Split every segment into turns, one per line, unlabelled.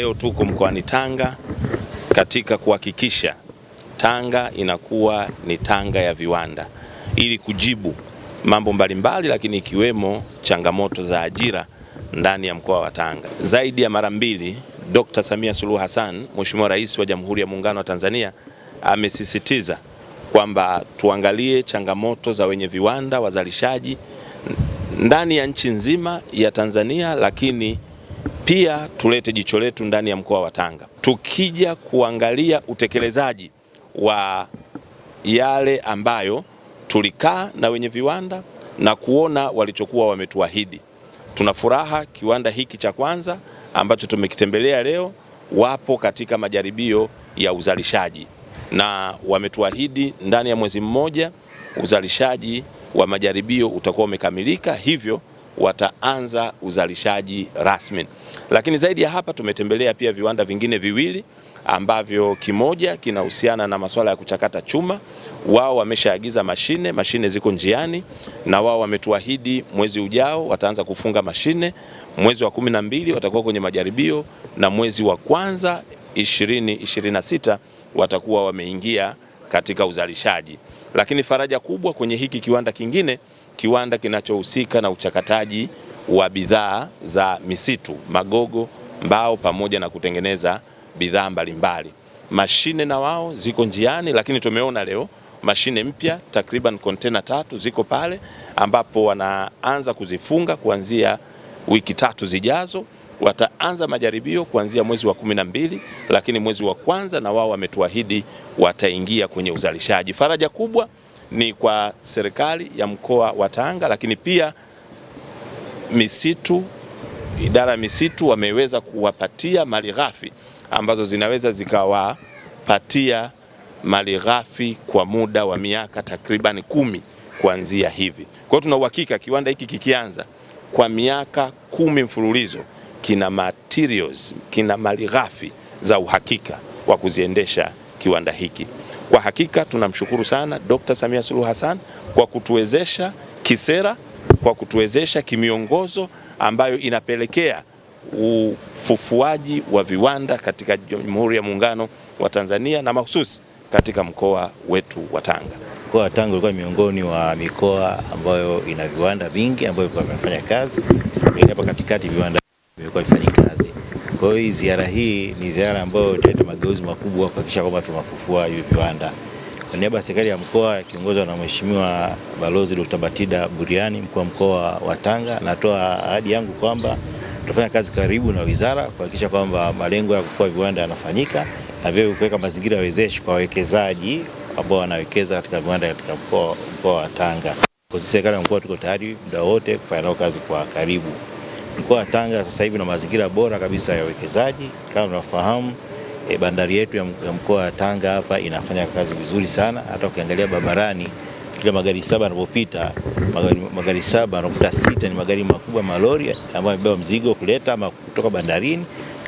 Leo tuko mkoani Tanga katika kuhakikisha Tanga inakuwa ni Tanga ya viwanda ili kujibu mambo mbalimbali, lakini ikiwemo changamoto za ajira ndani ya mkoa wa Tanga. Zaidi ya mara mbili Dr. Samia Suluhu Hassan, Mheshimiwa Rais wa Jamhuri ya Muungano wa Tanzania, amesisitiza kwamba tuangalie changamoto za wenye viwanda, wazalishaji ndani ya nchi nzima ya Tanzania, lakini pia tulete jicho letu ndani ya mkoa wa Tanga, tukija kuangalia utekelezaji wa yale ambayo tulikaa na wenye viwanda na kuona walichokuwa wametuahidi. Tuna furaha kiwanda hiki cha kwanza ambacho tumekitembelea leo, wapo katika majaribio ya uzalishaji na wametuahidi ndani ya mwezi mmoja uzalishaji wa majaribio utakuwa umekamilika hivyo wataanza uzalishaji rasmi. Lakini zaidi ya hapa tumetembelea pia viwanda vingine viwili ambavyo kimoja kinahusiana na masuala ya kuchakata chuma. Wao wameshaagiza mashine, mashine ziko njiani, na wao wametuahidi mwezi ujao wataanza kufunga mashine, mwezi wa kumi na mbili watakuwa kwenye majaribio na mwezi wa kwanza 2026 watakuwa wameingia katika uzalishaji. Lakini faraja kubwa kwenye hiki kiwanda kingine kiwanda kinachohusika na uchakataji wa bidhaa za misitu, magogo, mbao pamoja na kutengeneza bidhaa mbalimbali. Mashine na wao ziko njiani, lakini tumeona leo mashine mpya takriban kontena tatu ziko pale ambapo wanaanza kuzifunga kuanzia wiki tatu zijazo. Wataanza majaribio kuanzia mwezi wa kumi na mbili, lakini mwezi wa kwanza na wao wametuahidi wataingia kwenye uzalishaji. Faraja kubwa ni kwa serikali ya mkoa wa Tanga, lakini pia misitu, idara ya misitu wameweza kuwapatia mali ghafi ambazo zinaweza zikawapatia mali ghafi kwa muda wa miaka takribani kumi kuanzia hivi. Kwa hiyo tuna uhakika kiwanda hiki kikianza kwa miaka kumi mfululizo kina materials, kina mali ghafi za uhakika wa kuziendesha kiwanda hiki. Kwa hakika tunamshukuru sana Dr. Samia Suluhu Hassan kwa kutuwezesha kisera, kwa kutuwezesha kimiongozo ambayo inapelekea ufufuaji wa viwanda katika Jamhuri ya Muungano wa Tanzania na mahususi katika mkoa wetu wa Tanga.
Mkoa wa Tanga ulikuwa miongoni wa mikoa ambayo ina viwanda vingi ambavyo vimefanya kazi, lakini hapa katikati viwanda vimekuwa vifanyika kwa hiyo ziara hii ni ziara ambayo italeta mageuzi makubwa kuhakikisha kwamba tunafufua hivi viwanda. Kwa niaba ya serikali ya mkoa ikiongozwa na Mheshimiwa Balozi Dr. Batida Buriani, mkuu wa mkoa wa Tanga, natoa ahadi yangu kwamba tutafanya kazi karibu na wizara kuhakikisha kwamba malengo ya kufufua viwanda yanafanyika na vile kuweka mazingira wezeshi kwa wawekezaji ambao wanawekeza katika viwanda katika mkoa wa Tanga. Kwa sisi serikali ya mkoa tuko tayari muda wote kufanya nao kazi kwa karibu. Mkoa wa Tanga sasa hivi na mazingira bora kabisa ya uwekezaji. Kama unafahamu e, bandari yetu ya mkoa wa Tanga hapa inafanya kazi vizuri sana. Hata ukiangalia barabarani kila magari saba yanapopita, magari, magari saba yanakuta sita ni magari makubwa malori ambayo yamebeba mzigo kuleta ama kutoka bandarini,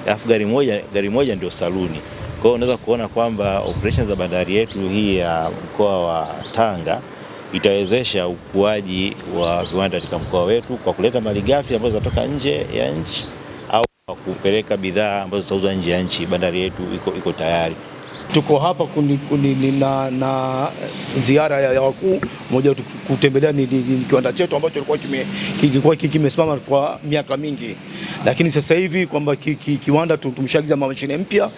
alafu gari moja, gari moja ndio saluni. Kwa hiyo unaweza kuona kwamba operations za bandari yetu hii ya mkoa wa Tanga itawezesha ukuaji wa viwanda katika mkoa wetu kwa kuleta malighafi ambazo zinatoka nje ya nchi au kwa kupeleka bidhaa ambazo zitauzwa nje ya nchi. Bandari yetu iko, iko tayari.
Tuko hapa kuni, kuni, na, na ziara ya, ya wakuu moja kutembelea ni, ni, ni kiwanda chetu ambacho kilikuwa kimesimama kwa miaka mingi lakini sasa hivi kwamba ki, ki, kiwanda tumshaagiza mashine mpya,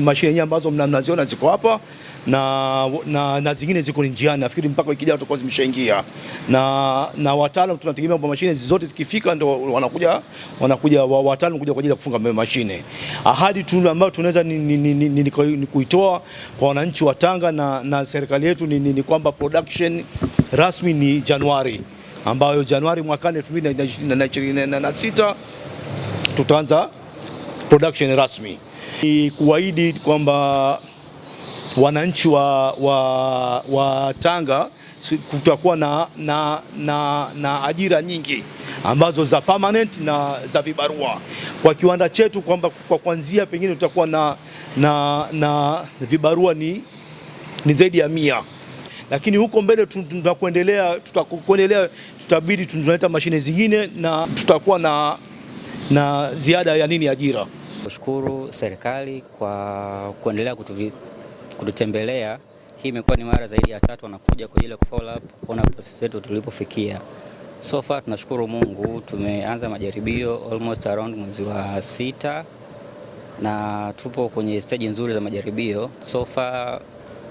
mashine nyingi ambazo mnaziona ziko hapa na, na, na zingine ziko njiani, nafikiri mpaka wiki ijayo tutakuwa zimeshaingia na, na wataalamu tunategemea kwamba mashine zote zikifika ndio wanakuja, wanakuja wataalamu kuja kwa ajili ya kufunga mashine. Ahadi tu ambayo tunaweza ni, ni, ni, ni, ni kuitoa kwa wananchi wa Tanga na, na serikali yetu ni, ni, ni kwamba production rasmi ni Januari ambayo Januari mwakani 2026 tutaanza production rasmi. Ni kuahidi kwamba wananchi wa, wa, wa Tanga kutakuwa na, na, na, na ajira nyingi ambazo za permanent na za vibarua kwa kiwanda chetu, kwamba kwa kuanzia pengine tutakuwa na, na, na vibarua ni, ni zaidi ya mia lakini huko mbele tutakuendelea tutakuendelea tutabidi tunaleta mashine zingine na tutakuwa na, na ziada ya nini ajira.
Kushukuru serikali kwa kuendelea kututembelea. Hii imekuwa ni mara zaidi ya tatu wanakuja kwa ajili ya kufollow up kuona process zetu tulipofikia. So far tunashukuru Mungu, tumeanza majaribio almost around mwezi wa sita na tupo kwenye stage nzuri za majaribio so far.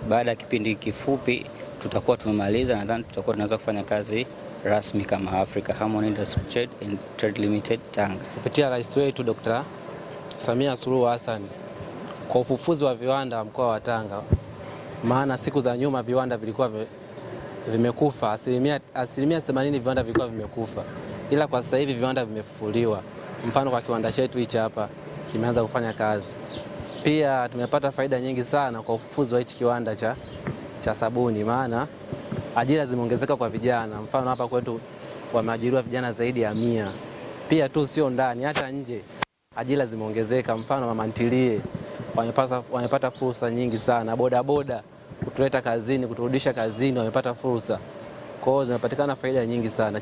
Baada ya kipindi kifupi tutakuwa tumemaliza, nadhani tutakuwa tunaweza kufanya kazi rasmi kama Africa Harmony Industry Trade and Trade Limited Tanga
kupitia rais wetu Dr. Samia Suluhu Hassan kwa ufufuzi wa viwanda mkoa wa Tanga, maana siku za nyuma viwanda vilikuwa vimekufa, asilimia asilimia 80 viwanda vilikuwa vimekufa, ila kwa sasa hivi viwanda vimefufuliwa. Mfano, kwa kiwanda chetu hichi hapa kimeanza kufanya kazi. Pia tumepata faida nyingi sana kwa ufufuzi wa hichi kiwanda cha cha sabuni, maana ajira zimeongezeka kwa vijana. Mfano hapa kwetu wameajiriwa vijana zaidi ya mia. Pia tu sio ndani, hata nje ajira zimeongezeka. Mfano mama ntilie wamepata, wamepata fursa nyingi sana, bodaboda kutuleta kazini, kuturudisha kazini, wamepata fursa. kwao, zimepatikana zinapatikana faida nyingi sana.